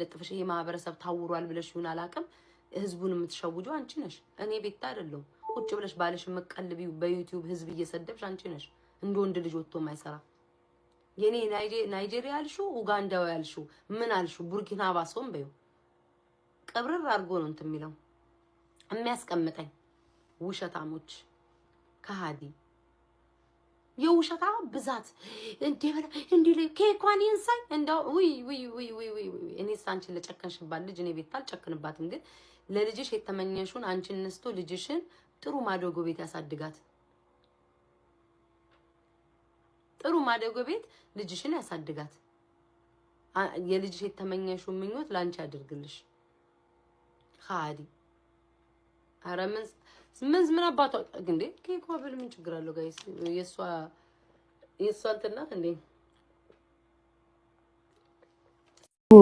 ለጥፍሽ ይሄ ማህበረሰብ ታውሯል ብለሽ ይሁን አላውቅም፣ ህዝቡን የምትሸውጁ አንቺ ነሽ። እኔ ቤት አይደለሁ። ቁጭ ብለሽ ባልሽ መቀልብ በዩቲዩብ ህዝብ እየሰደብሽ አንቺ ነሽ። እንደ ወንድ ልጅ ወጥቶ ማይሰራ የኔ ናይጄሪያ ያልሽው ኡጋንዳው ያልሽው ምን አልሽው ቡርኪና ፋሶም በዩ ቅብርር አድርጎ ነው እንትን የሚለው የሚያስቀምጠኝ ውሸታሞች ከሃዲ የውሸታ ብዛት እንደበላ እንዲ ኬኳን ይንሳይ እንዳው ውይ ውይ ውይ ውይ ውይ ውይ እኔ አንቺ ለጨከንሽባት ልጅ እኔ ቤት አልጨክንባትም፣ ግን ለልጅሽ የተመኘሽውን አንቺን ነስቶ ልጅሽን ጥሩ ማደጎ ቤት ያሳድጋት። ጥሩ ማደጎ ቤት ልጅሽን ያሳድጋት። የልጅሽ የተመኘሽውን ምኞት ላንቺ ያድርግልሽ። ኻዲ አረምንስ ምን ምን አባቷ እንዴ ኬኳ ብል ምን ችግር አለው ጋይስ? የሷ የሷ እንትን እንዴ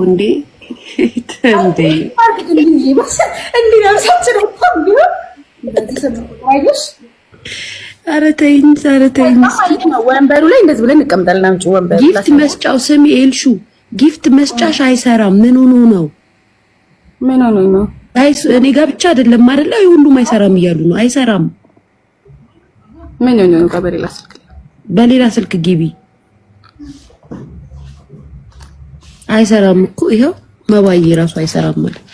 እንደዚህ ብለን እንቀምጣለን። ጊፍት መስጫው። ስሚ ኤልሹ ጊፍት መስጫሽ አይሰራም። ምን ሆኖ ነው? ምን ሆኖ ነው? እኔ ጋር ብቻ አይደለም አይደለ? ሁሉም አይሰራም እያሉ ነው። አይሰራም። ምን ነው ነው? በሌላ ስልክ በሌላ ስልክ ግቢ። አይሰራም እኮ ይሄው፣ መባዬ ራሱ አይሰራም ማለት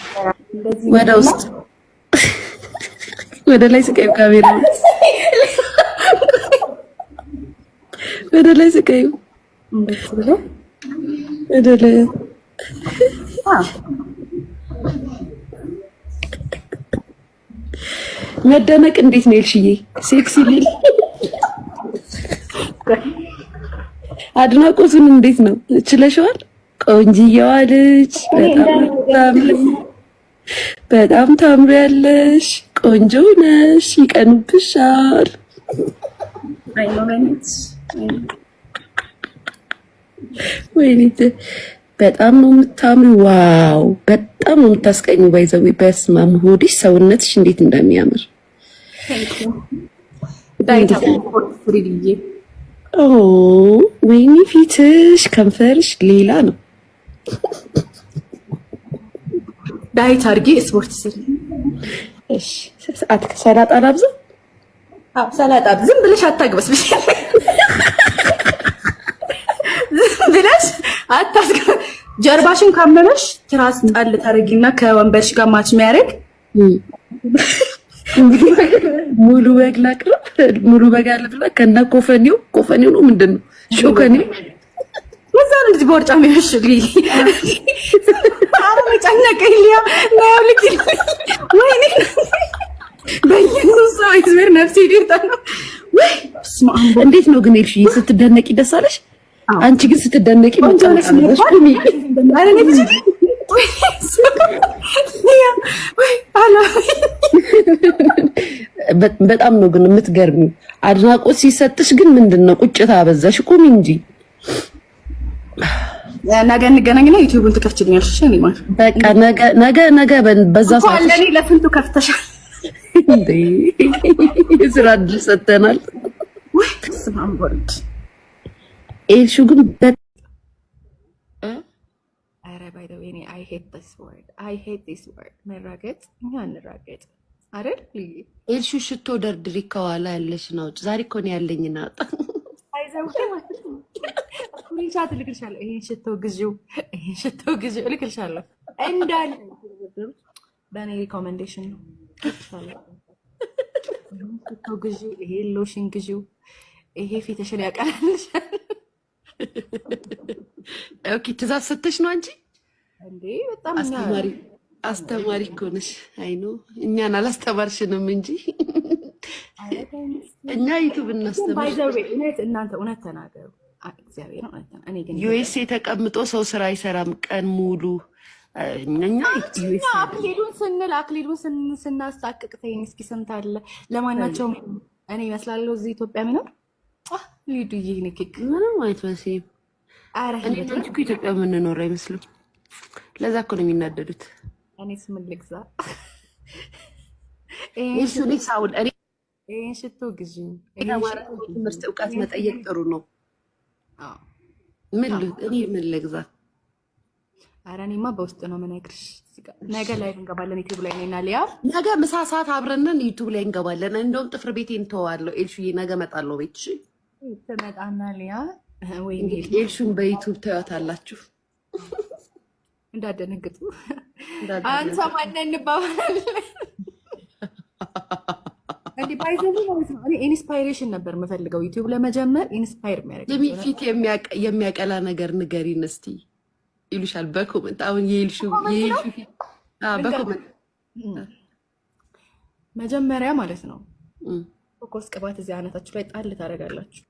ወደ ውስጥ ወደ ላይ ስቀዩ፣ ካሜራ ወደ ላይ ስቀዩ፣ ወደ ላይ መደነቅ እንዴት ነው የልሽዬ? ሴክሲ ቢል አድናቆቱን እንዴት ነው ችለሽዋል? ቆንጅየዋ ልጅ በጣም ታምሪያለሽ፣ ቆንጆ ነሽ፣ ይቀንብሻል ወይኔ በጣም ነው የምታምሪ። ዋው በጣም ነው የምታስቀኝ። ባይዘዊ በስማም ሆድሽ ሰውነትሽ እንዴት እንደሚያምር ወይኔ ፊትሽ ከንፈርሽ ሌላ ነው። ዳይት አድርጌ ስፖርት ስሪ። ሰላጣ ላብዛ፣ ሰላጣ ዝም ብለሽ አታግበስ ብሽ ብለሽ አታስገ ጀርባሽን ካመመሽ ትራስ ጣል ታደርጊና ከወንበርሽ ጋር ማች የሚያደርግ ሙሉ በግ ላቅርብ፣ ሙሉ በግ አለ ብላ ከና ኮፈኔው ኮፈኔው ነው ምንድን ነው ሾከኔው በዛ ነው ልጅ በወርጫ ሚያሽል አረ መጨነቀኝ። ሊያ ናያ ልክ ወይኔ በየሱስ አይዝሜር ነፍሴ ዴርታ ነው ወይ እንዴት ነው ግን ኤልሽ ስትደነቂ ደሳለሽ? አንቺ ግን ስትደነቂ መጨነቅ ነው በጣም ነው ግን የምትገርሚ። አድናቆት ሲሰጥሽ ግን ምንድን ነው ቁጭት አበዛሽ። ቁሚ እንጂ ነገ እንገናኝና ዩቲዩብን ትከፍችልኛለሽ። በቃ ነገ ነገ በዛ ሰዓት ለፍንቱ ከፍተሻል። የስራ እድል ሰጥተናል። ኤልሹ ግን ሄት ዲስ ወርድ አይ ሄት ዲስ ወርድ። መራገጥ እኛ እንራገጥ አይደል? ኤልሹ ሽቶ ደርድሪ ከኋላ ያለሽ ነው። ዛሬ እኮ ነው ያለኝ እና እልክልሻለሁ። ይሄን ሽቶ ግዢው፣ ይሄን ሽቶ ግዢው እልክልሻለሁ እንዳለ በእኔ ሪኮሜንዴሽን ነው። ሽቶ ግዢው፣ ይሄ ሎሽን ግዢው፣ ይሄ ፊትሽን ያቀላልሻል። ኦኬ ትእዛዝ ሰተሽ ነው አንቺ በጣም አስተማሪ አስተማሪ እኮ ነሽ። አይ ነው እኛን አላስተማርሽንም እንጂ እኛ ዩቱብ እናስተማር። እናንተ እውነት ተናገሩ። ዩኤስኤ ተቀምጦ ሰው ስራ አይሰራም ቀን ሙሉ አክሊሉን ስንል አክሊሉን ስናስታቅቅ ተይኝ እስኪ ስንት አለ ለማናቸውም እኔ ይመስላለሁ እዚህ ኢትዮጵያ ሚኖር ሊዱ ይህ ንክክ ምንም አይመስለኝም። ኢትዮጵያ የምንኖር አይመስልም። ለዛ እኮ ነው የሚናደዱት። እኔስ ምን ልግዛ? ይህን ሳውል ይህን ሽቶ ግዢ። ትምህርት እውቀት መጠየቅ ጥሩ ነው። ምን እኔ ምን ልግዛ? ኧረ እኔማ በውስጥ ነው የምነግርሽ። ነገ ላይ እንገባለን። ዩቱብ ላይ ነና ሊያ ነገ ምሳ ሰዓት አብረንን ዩቱብ ላይ እንገባለን። እንደውም ጥፍር ቤቴ እንተዋለሁ። ኤልሹዬ ነገ እመጣለሁ። ቤት ትመጣና ሊያ ወይ ኤልሹን በዩቱብ ታዩታላችሁ። እንዳደነግጡ አንሰማና እንባባላለን። እንዲህ ኢንስፓይሬሽን ነበር የምፈልገው ዩቲዩብ ለመጀመር ኢንስፓየር የሚያደርግ ፊት የሚያቀላ ነገር ንገሪን እስኪ ይሉሻል በኮመንት አሁን የልሹ በኮመንት መጀመሪያ ማለት ነው። ኮስ ቅባት እዚህ አይነታችሁ ላይ ጣል ታደርጋላችሁ።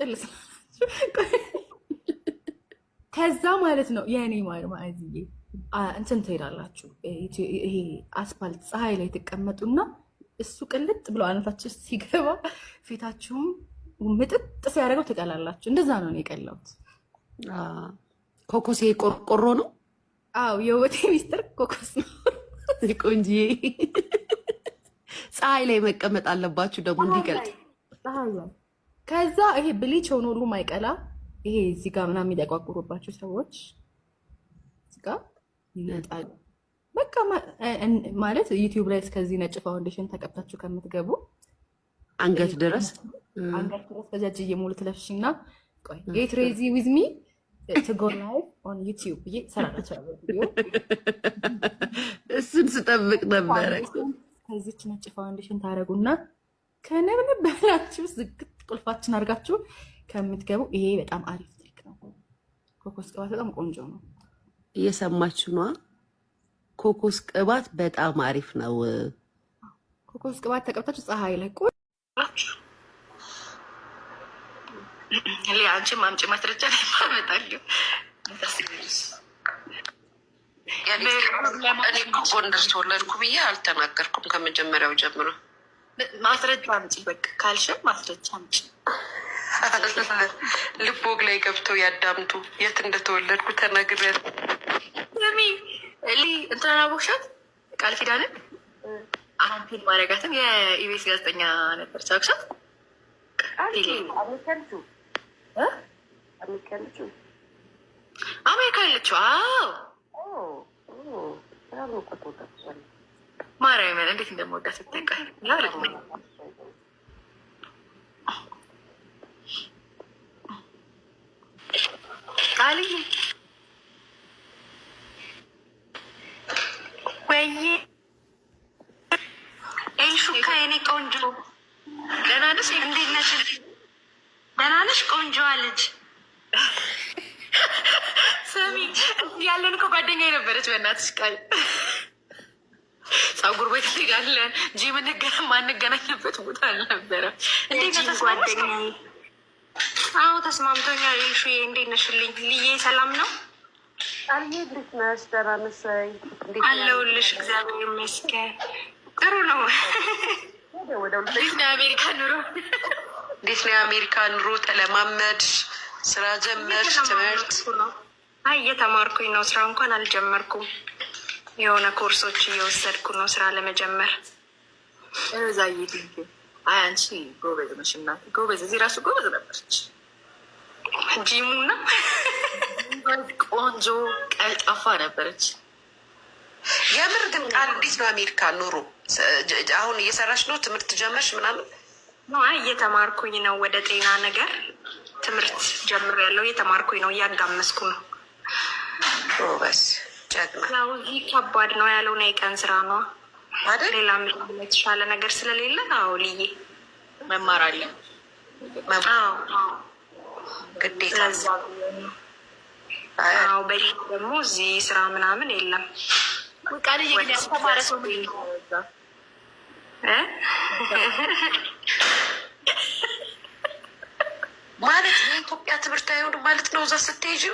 ጥል ስላላችሁ ከዛ ማለት ነው የእኔ ማር ማእዝዬ እንትን ትሄዳላችሁ። ይሄ አስፋልት ፀሐይ ላይ ትቀመጡና እሱ ቅልጥ ብሎ አነታችሁ ሲገባ ፊታችሁም ምጥጥ ሲያደርገው ትቀላላችሁ። እንደዛ ነው የቀላሁት። ኮኮሴ ቆርቆሮ ነው። አዎ የወቴ ሚስጥር ኮኮስ ነው። ቆንጅዬ ፀሐይ ላይ መቀመጥ አለባችሁ ደግሞ እንዲቀልጥ። ከዛ ይሄ ብሊች ሆኖ ሁሉም አይቀላ። ይሄ እዚህ ጋር ምናምን የሚጠቋቁሩባቸው ሰዎች እዚህ ጋር ይመጣሉ። በቃ ማለት ዩቲዩብ ላይ እስከዚህ ነጭ ፋውንዴሽን ተቀብታችሁ ከምትገቡ አንገት ድረስ አንገት ድረስ ከዚያ ጅዬ ሙሉ ትለፍሽ እና ጌት ሬዚ ዊዝ ሚ ትጎ ላይ ኦን ዩቲዩብ ብዬ ሰራናቸው። እሱን ስጠብቅ ነበረ። ከዚች ነጭ ፋውንዴሽን ታደረጉና ከነብንበላችሁ ዝግት ቁልፋችን አድርጋችሁ ከምትገቡ ይሄ በጣም አሪፍ ትሪክ ነው። ኮኮስ ቅባት በጣም ቆንጆ ነው። እየሰማችሁ ነዋ። ኮኮስ ቅባት በጣም አሪፍ ነው። ኮኮስ ቅባት ተቀብታችሁ ፀሐይ ላይ ቆይ አንቺ ማምጪ ማስረጃ ላይ ማመጣለሁ። ጎንደር ተወለድኩ ብዬ አልተናገርኩም ከመጀመሪያው ጀምሮ። ማስረጃ አምጪ በቃ ካልሽም ማስረጃ አምጪ። ልቦግ ላይ ገብተው ያዳምጡ። የት እንደተወለድኩ ተናግሬያለሁ። ሚ እሊ እንትናና ቦክሻት ቃል ኪዳንን አሁን ፊልም ማድረጋትን የኢቤስ ጋዜጠኛ ነበር። ሳክሳት አሜሪካ ያለችው ማርያምን እንዴት እንደምወዳት ይጠቃል። አልዬ ወይዬ ኤልሹካ የኔ ቆንጆ ደህና ነሽ? እንዴት ነሽ? ደህና ነሽ? ቆንጆዋ ልጅ ሰሚ ያለን እኮ ጓደኛ የነበረች በእናትሽ ቃል ጸጉር ቤት ሄዳለን እንጂ የምንገናኝበት ቦታ አልነበረም። እንዴት ነው ተስማማሽ? አዎ ተስማምቶኛል። ልሹ እንዴት ነሽልኝ? ልዬ ሰላም ነው አልሄድልሽ ነሽ? ደህና ነሽ? አለሁልሽ። እግዚአብሔር ይመስገን ጥሩ ነው። እንዴት ነው የአሜሪካ ኑሮ? እንዴት ነው የአሜሪካ ኑሮ? ተለማመድሽ? ስራ ጀመርሽ? ትምህርት? አይ እየተማርኩኝ ነው። ስራ እንኳን አልጀመርኩም። የሆነ ኮርሶች እየወሰድኩ ነው ስራ ለመጀመር እዛ። አይ አንቺ ጎበዝ ነሽ እናቴ፣ ጎበዝ እዚህ ራሱ ጎበዝ ነበርች። ቆንጆ ቀልጣፋ ነበረች። የምር ግን ቃል እንዴት ነው አሜሪካ ኑሮ? አሁን እየሰራሽ ነው? ትምህርት ጀመርሽ ምናምን? እየተማርኩኝ ነው። ወደ ጤና ነገር ትምህርት ያለው እየተማርኩኝ ነው፣ እያጋመስኩ ነው። በስ ያው እዚህ ከባድ ነው ያለው ነው የቀን ስራ ነው ሌላ የተሻለ ነገር ስለሌለ አዎ ልዬ መማር አለ ግዴታ ደግሞ እዚህ ስራ ምናምን የለም። ማለት የኢትዮጵያ ትምህርት አይሆንም ማለት ነው። እዛ ስትሄጂ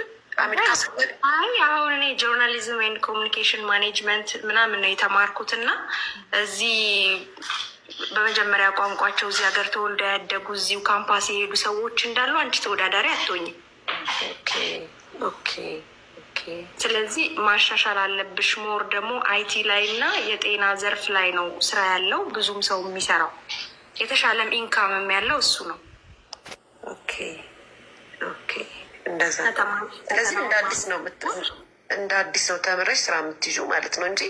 አሜሪካ አይ አሁን እኔ ጆርናሊዝም ኤንድ ኮሚኒኬሽን ማኔጅመንት ምናምን ነው የተማርኩት እና እዚህ በመጀመሪያ ቋንቋቸው እዚህ ሀገር ተወልደው ያደጉ እዚሁ ካምፓስ የሄዱ ሰዎች እንዳሉ አንቺ ተወዳዳሪ አትሆኝም። ስለዚህ ማሻሻል አለብሽ። ሞር ደግሞ አይቲ ላይ እና የጤና ዘርፍ ላይ ነው ስራ ያለው ብዙም ሰው የሚሰራው የተሻለም ኢንካምም ያለው እሱ ነው። እንደዛ ስለዚህ እንደ አዲስ ነው ምትሆን እንደ አዲስ ሰው ተምረሽ ስራ የምትይዙ ማለት ነው እንጂ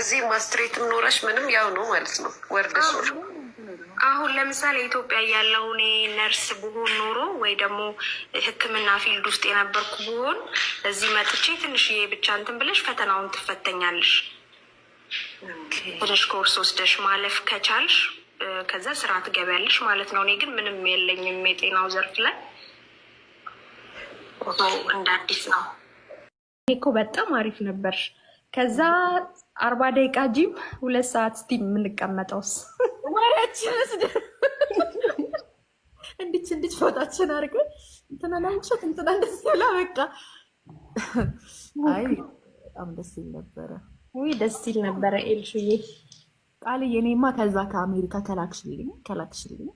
እዚህ ማስትሬትም ኖረሽ ምንም ያው ነው ማለት ነው። ወርደሽ አሁን ለምሳሌ ኢትዮጵያ ያለው እኔ ነርስ ብሆን ኖሮ ወይ ደግሞ ሕክምና ፊልድ ውስጥ የነበርኩ ብሆን እዚህ መጥቼ ትንሽዬ ብቻ እንትን ብለሽ ፈተናውን ትፈተኛለሽ። ትንሽ ኮርስ ወስደሽ ማለፍ ከቻልሽ ከዛ ስራ ትገቢያለሽ ማለት ነው። እኔ ግን ምንም የለኝም የጤናው ዘርፍ ላይ እንደ አዲስ ነው። እኔ እኮ በጣም አሪፍ ነበር። ከዛ አርባ ደቂቃ ጂም ሁለት ሰዓት ስቲ የምንቀመጠውስ እንድች እንድች ፎጣችን አድርገን እንትና ናምሸት እንትና እንደዚ ብላ በቃ አይ በጣም ደስ ይል ነበረ። ውይ ደስ ይል ነበረ። ኤልሹዬ ቃል የኔማ ከዛ ከአሜሪካ ከላክሽልኝ ከላክሽልኝ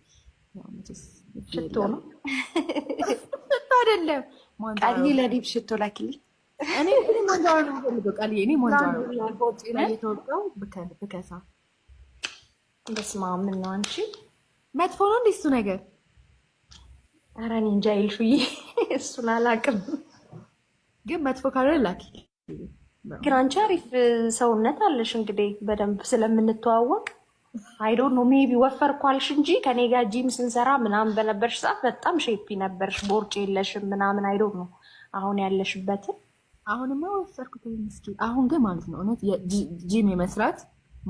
ሽቶ ነው አደለም ቃልዬ፣ ለዲብ ሽቶ ላኪልኝ እኔ ሞንጃሮ ነው የምፈልገው። ቃልዬ እኔ የተወጣው ብከሳ በስመ አብ አንቺ መጥፎ ነው እሱ ነገር። ኧረ እኔ እንጃ ይልሹዬ፣ እሱን አላውቅም፣ ግን መጥፎ ካልሆነ ላኪ። ግን አንቺ አሪፍ ሰውነት አለሽ። እንግዲህ በደንብ ስለምንተዋወቅ አይ ዶንት ኖ ሜቢ ወፈርኩ አልሽ እንጂ ከኔ ጋር ጂም ስንሰራ ምናምን በነበርሽ ሰዓት በጣም ሼፒ ነበርሽ፣ ቦርጭ የለሽም ምናምን። አይ ዶንት ኖ አሁን ያለሽበትን አሁንማ ወሰርኩት ምስኪ። አሁን ግን ማለት ነው እውነት ጂም የመስራት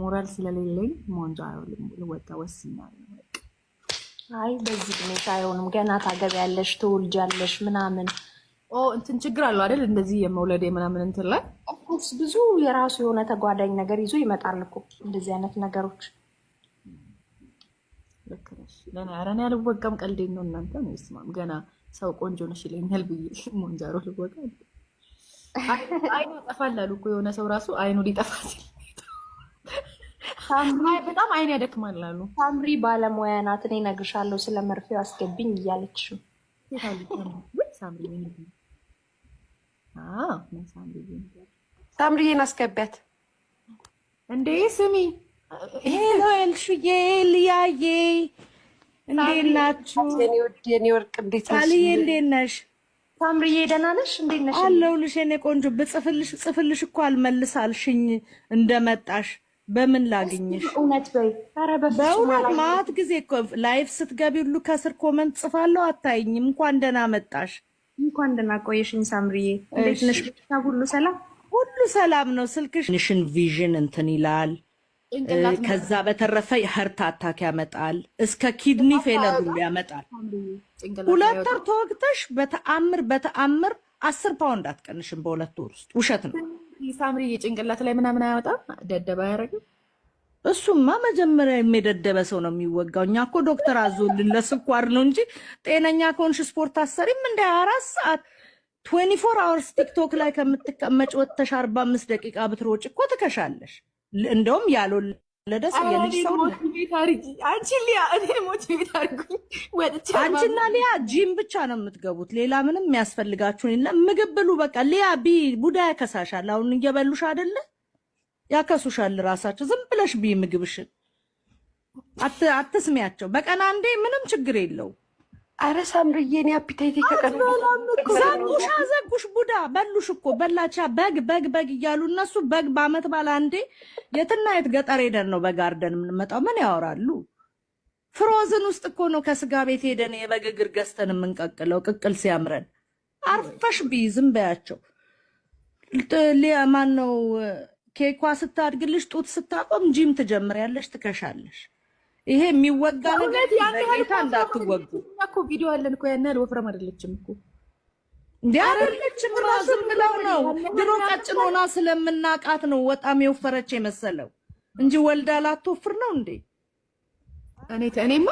ሞራል ስለሌለኝ ሞንጃ ልወጣ ወስኛለሁ። አይ በዚህ ግሜት አይሆንም። ገና ታገቢያለሽ፣ ትወልጃለሽ ምናምን ኦ እንትን ችግር አለው አይደል? እንደዚህ የመውለድ ምናምን እንትን ላይ ኦፍኮርስ ብዙ የራሱ የሆነ ተጓዳኝ ነገር ይዞ ይመጣል እኮ እንደዚህ አይነት ነገሮች። ልክ ነሽ። ገና ኧረ እኔ አልወጋም፣ ነው እናንተ ነው። ይስማም ገና ሰው ቆንጆ ነሽ ይለኛል ብዬ ሞንጃሮ ልወጋ አይኑ ይጠፋል አሉ እኮ የሆነ ሰው ራሱ አይኑ ሊጠፋ ሲል በጣም አይን ያደክማል አሉ። ሳምሪ ባለሙያ ናት፣ እኔ እነግርሻለሁ ስለ መርፌው አስገብኝ እያለች ሳምሪዬን አስገቢያት እንዴ! ስሚ ሄሎ ኤልሹዬ ልያዬ እንዴት ናችሁ? የኔ እንዴት ነሽ? ሳምሪዬ ደህና ነሽ? እንዴት ነሽ? አለሁልሽ የኔ ቆንጆ። ብጽፍልሽ ጽፍልሽ እኮ አልመልሳልሽኝ እንደመጣሽ በምን ላግኝሽ? እውነት በይ። በእውነት ማት ጊዜ እኮ ላይፍ ስትገቢ ሁሉ ከስር ኮመንት ጽፋለሁ። አታይኝም። እንኳን ደህና መጣሽ፣ እንኳን ደህና ቆየሽኝ። ሳምሪዬ እንዴት ነሽ? ሁሉ ሰላም፣ ሁሉ ሰላም ነው። ስልክሽ ንሽን ቪዥን እንትን ይላል ከዛ በተረፈ የሀርት አታክ ያመጣል፣ እስከ ኪድኒ ፌለር ሁሉ ያመጣል። ሁለት ወር ተወግተሽ በተአምር በተአምር አስር ፓውንድ አትቀንሽም በሁለት ወር ውስጥ። ውሸት ነው። ሳምሪ ጭንቅላት ላይ ምናምን አያወጣም፣ ደደብ አያደርግም። እሱማ መጀመሪያ የሚደደበ ሰው ነው የሚወጋው። እኛ እኮ ዶክተር አዞልን ለስኳር ነው እንጂ ጤነኛ ከሆንሽ ስፖርት አሰሪም እንደ አራት ሰዓት ትዌንቲ ፎር አወርስ ቲክቶክ ላይ ከምትቀመጭ ወጥተሽ አርባ አምስት ደቂቃ ብትሮጭ እኮ ትከሻለሽ። እንደውም ያልወለደ ሰው የልጅ ሰው አንቺና ሊያ ጂም ብቻ ነው የምትገቡት። ሌላ ምንም የሚያስፈልጋችሁን የለም። ምግብ ብሉ በቃ። ሊያ ቢ ቡዳ ያከሳሻል። አሁን እየበሉሽ አይደለ? ያከሱሻል። ራሳቸው ዝም ብለሽ ቢ ምግብሽን አትስሚያቸው። በቀን አንዴ ምንም ችግር የለው አረ ሳምርዬ እኔ አፒታይቴ ዘጉሽ ቡዳ በሉሽ እኮ በላቻ በግ በግ በግ እያሉ እነሱ በግ በአመት ባለ አንዴ የትና የት ገጠር ሄደን ነው በጋርደን የምንመጣው? ምን ያወራሉ? ፍሮዝን ውስጥ እኮ ነው ከስጋ ቤት ሄደን የበግ እግር ገዝተን የምንቀቅለው ቅቅል ሲያምረን። አርፈሽ ቢ ዝም በያቸው። ማን ነው ኬኳ ስታድግልሽ ጡት ስታቆም ጂም ትጀምሪያለሽ፣ ትከሻለሽ። ይሄ የሚወጋ ነገርታ እንዳትወጉ እኮ ቪዲዮ አለን እኮ ያን ያህል ወፍረም አይደለችም እኮ እንዲ አይደለችም። ዝም ብለው ነው ድሮ ቀጭን ሆና ስለምናቃት ነው ወጣም የወፈረች የመሰለው እንጂ ወልዳ ላትወፍር ነው እንዴ? እኔ እኔማ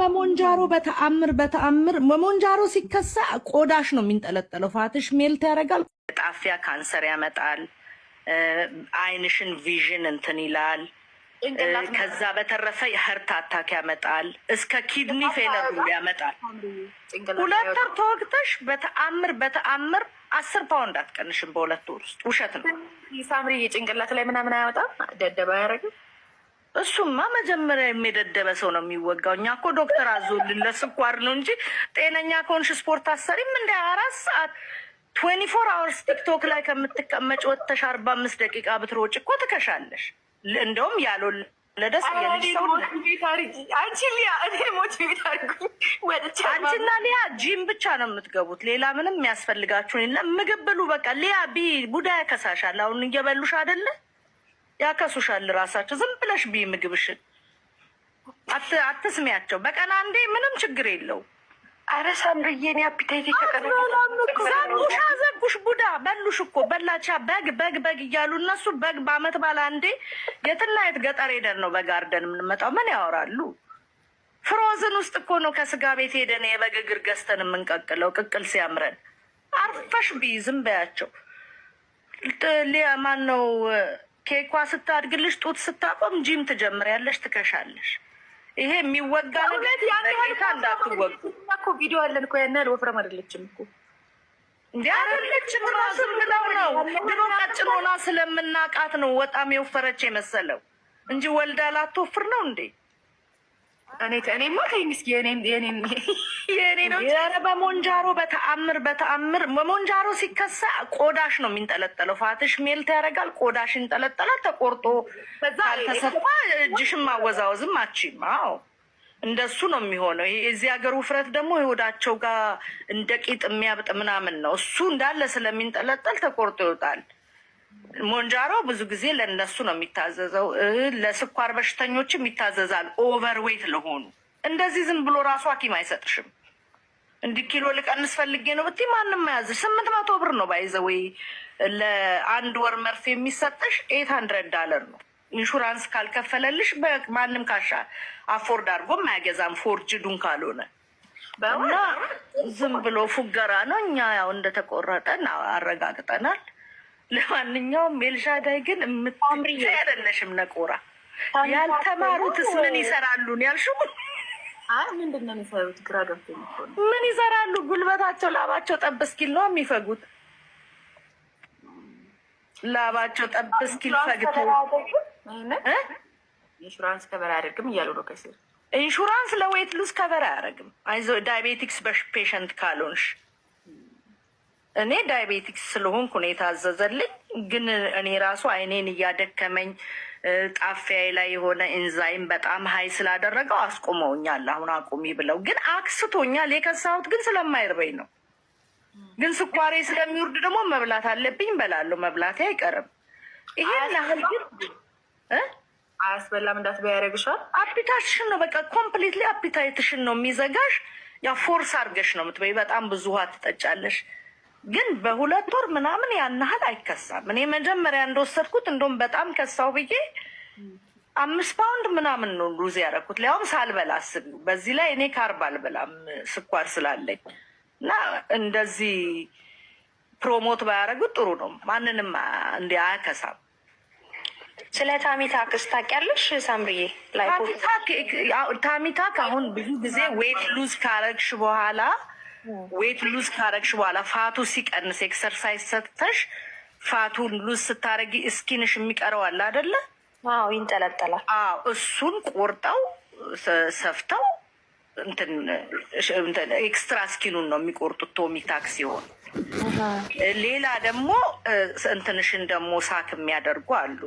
በሞንጃሮ በተአምር በተአምር በሞንጃሮ ሲከሳ ቆዳሽ ነው የሚንጠለጠለው። ፋትሽ ሜልት ያደርጋል። ጣፊያ ካንሰር ያመጣል። አይንሽን ቪዥን እንትን ይላል። ከዛ በተረፈ የሀርት አታክ ያመጣል፣ እስከ ኪድኒ ፌለር ያመጣል። ሁለት ወር ተወግተሽ በተአምር በተአምር አስር ፓውንድ አትቀንሽም በሁለት ወር ውስጥ። ውሸት ነው ሳምሪ። የጭንቅላት ላይ ምናምን አያመጣም፣ ደደበ አያደርግም። እሱማ መጀመሪያ የሚደደበ ሰው ነው የሚወጋው። እኛ እኮ ዶክተር አዞልን ለስኳር ነው እንጂ ጤነኛ ከሆንሽ ስፖርት አሰሪም እንደ አራት ሰዓት ትዌንቲ ፎር አወርስ ቲክቶክ ላይ ከምትቀመጭ ወጥተሽ አርባ አምስት ደቂቃ ብትሮጭ እኮ ትከሻለሽ። እንደውም ያልወለደ አንቺና ሊያ ጂም ብቻ ነው የምትገቡት። ሌላ ምንም የሚያስፈልጋችሁን የለም። ምግብ ብሉ በቃ። ሊያ ቢ ቡዳ ያከሳሻል። አሁን እየበሉሽ አይደለ? ያከሱሻል። ራሳቸው ዝም ብለሽ ቢ ምግብሽን አትስሚያቸው። በቀን አንዴ ምንም ችግር የለው አረ ሳምርዬ እኔ አፒታይቴ ዘጉሻ ዘጉሽ ቡዳ በሉሽ እኮ በላቻ በግ በግ በግ እያሉ እነሱ በግ በአመት ባለ አንዴ የትና የት ገጠር ሄደን ነው በጋርደን የምንመጣው። ምን ያወራሉ? ፍሮዝን ውስጥ እኮ ነው ከስጋ ቤት ሄደን የበግ እግር ገዝተን የምንቀቅለው ቅቅል ሲያምረን። አርፈሽ ቢ ዝም በያቸው። ማን ነው ኬኳ ስታድግልሽ ጡት ስታቆም ጂም ትጀምሪያለሽ፣ ትከሻለሽ። ይሄ የሚወጋ ነገርታ እንዳትወጉ እኮ ቪዲዮ አለን እኮ ያን ያህል ወፍረም አይደለችም እኮ እንዲ አይደለችም። ራሱ ምለው ነው ድሮ ቀጭን ሆና ስለምናቃት ነው ወጣም የወፈረች የመሰለው እንጂ ወልዳ ላትወፍር ነው እንዴ? እኔማ ተይኝ እስኪ የኔ ነው። በሞንጃሮ በተአምር በተአምር በሞንጃሮ ሲከሳ ቆዳሽ ነው የሚንጠለጠለው። ፋትሽ ሜልት ያደርጋል፣ ቆዳሽ ይንጠለጠላል። ተቆርጦ ካልተሰፋ እጅሽም ማወዛወዝም አችም። አዎ እንደሱ ነው የሚሆነው። የዚህ ሀገር ውፍረት ደግሞ የወዳቸው ጋር እንደ ቂጥ የሚያብጥ ምናምን ነው እሱ እንዳለ ስለሚንጠለጠል ተቆርጦ ይወጣል። ሞንጃሮ ብዙ ጊዜ ለነሱ ነው የሚታዘዘው። ለስኳር በሽተኞችም ይታዘዛል። ኦቨርዌይት ለሆኑ እንደዚህ ዝም ብሎ ራሱ ሐኪም አይሰጥሽም። እንዲህ ኪሎ ልቀንስ ፈልጌ ነው ብትይ ማንም ያዝሽ። ስምንት መቶ ብር ነው ባይዘወይ ለአንድ ወር መርፌ የሚሰጥሽ ኤት ሀንድረድ ዳለር ነው። ኢንሹራንስ ካልከፈለልሽ ማንም ካሻ አፎርድ አድርጎም አያገዛም። ፎርጅዱን ካልሆነ እና ዝም ብሎ ፉገራ ነው። እኛ ያው እንደተቆረጠን አረጋግጠናል። ለማንኛውም ኤልሻዳይ ግን የምትምሪ አይደለሽም ነቆራ። ያልተማሩትስ ምን ይሰራሉን ያልሽው ምንድን ነው የሚሰሩት? ግራ ገብቶ ምን ይሰራሉ? ጉልበታቸው ላባቸው ጠብ እስኪል ነው የሚፈጉት። ላባቸው ጠብ እስኪል ፈግቶ ኢንሹራንስ ከበር አያደርግም እያሉ ነው። ከስር ኢንሹራንስ ለዌት ሉስ ከበር አያደርግም። አይዞ ዳይቤቲክስ በሽ ፔሸንት ካልሆንሽ እኔ ዳይቤቲክስ ስለሆንኩ ነው የታዘዘልኝ። ግን እኔ ራሱ አይኔን እያደከመኝ ጣፊያዬ ላይ የሆነ ኤንዛይም በጣም ሀይ ስላደረገው አስቁመውኛል። አሁን አቁሚ ብለው ግን አክስቶኛል። የከሳሁት ግን ስለማይርበኝ ነው። ግን ስኳሬ ስለሚወርድ ደግሞ መብላት አለብኝ። በላለሁ፣ መብላቴ አይቀርም። ይሄን ያህል ግን አያስበላም። እንዳት ያደረግሻል። አፒታይትሽን ነው በቃ ኮምፕሊትሊ አፒታይትሽን ነው የሚዘጋሽ። ያ ፎርስ አድርገሽ ነው የምትበይ። በጣም ብዙ ውሃ ትጠጫለሽ። ግን በሁለት ወር ምናምን ያን ያህል አይከሳም። እኔ መጀመሪያ እንደወሰድኩት እንደውም በጣም ከሳው ብዬ አምስት ፓውንድ ምናምን ነው ሉዝ ያደረኩት፣ ሊያውም ሳልበላ አስብ። በዚህ ላይ እኔ ካርብ አልበላም ስኳር ስላለኝ እና እንደዚህ ፕሮሞት ባያደረጉት ጥሩ ነው። ማንንም እንዲ አያከሳም። ስለ ታሚታክ ስታውቂያለሽ ሳምሪዬ? ታሚታክ አሁን ብዙ ጊዜ ዌት ሉዝ ካረግሽ በኋላ ዌት ሉዝ ካረግሽ በኋላ ፋቱ ሲቀንስ ኤክሰርሳይዝ ሰጥተሽ ፋቱን ሉዝ ስታረጊ እስኪንሽ የሚቀረው አለ አደለ? ይንጠለጠላል። እሱን ቆርጠው ሰፍተው ኤክስትራ ስኪኑን ነው የሚቆርጡት ቶሚ ታክስ ሲሆን ሌላ ደግሞ እንትንሽን ደግሞ ሳክ የሚያደርጉ አሉ።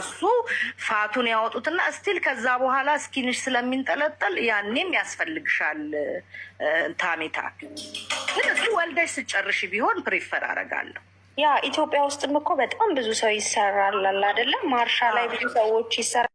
እሱ ፋቱን ያወጡትና እስቲል ከዛ በኋላ ስኪንሽ ስለሚንጠለጠል ያኔም ያስፈልግሻል ታሜታክ። ግን እሱ ወልደሽ ስጨርሽ ቢሆን ፕሪፈር አደርጋለሁ። ያ ኢትዮጵያ ውስጥም እኮ በጣም ብዙ ሰው ይሰራል አይደለም? ማርሻ ላይ ብዙ ሰዎች ይሰራል።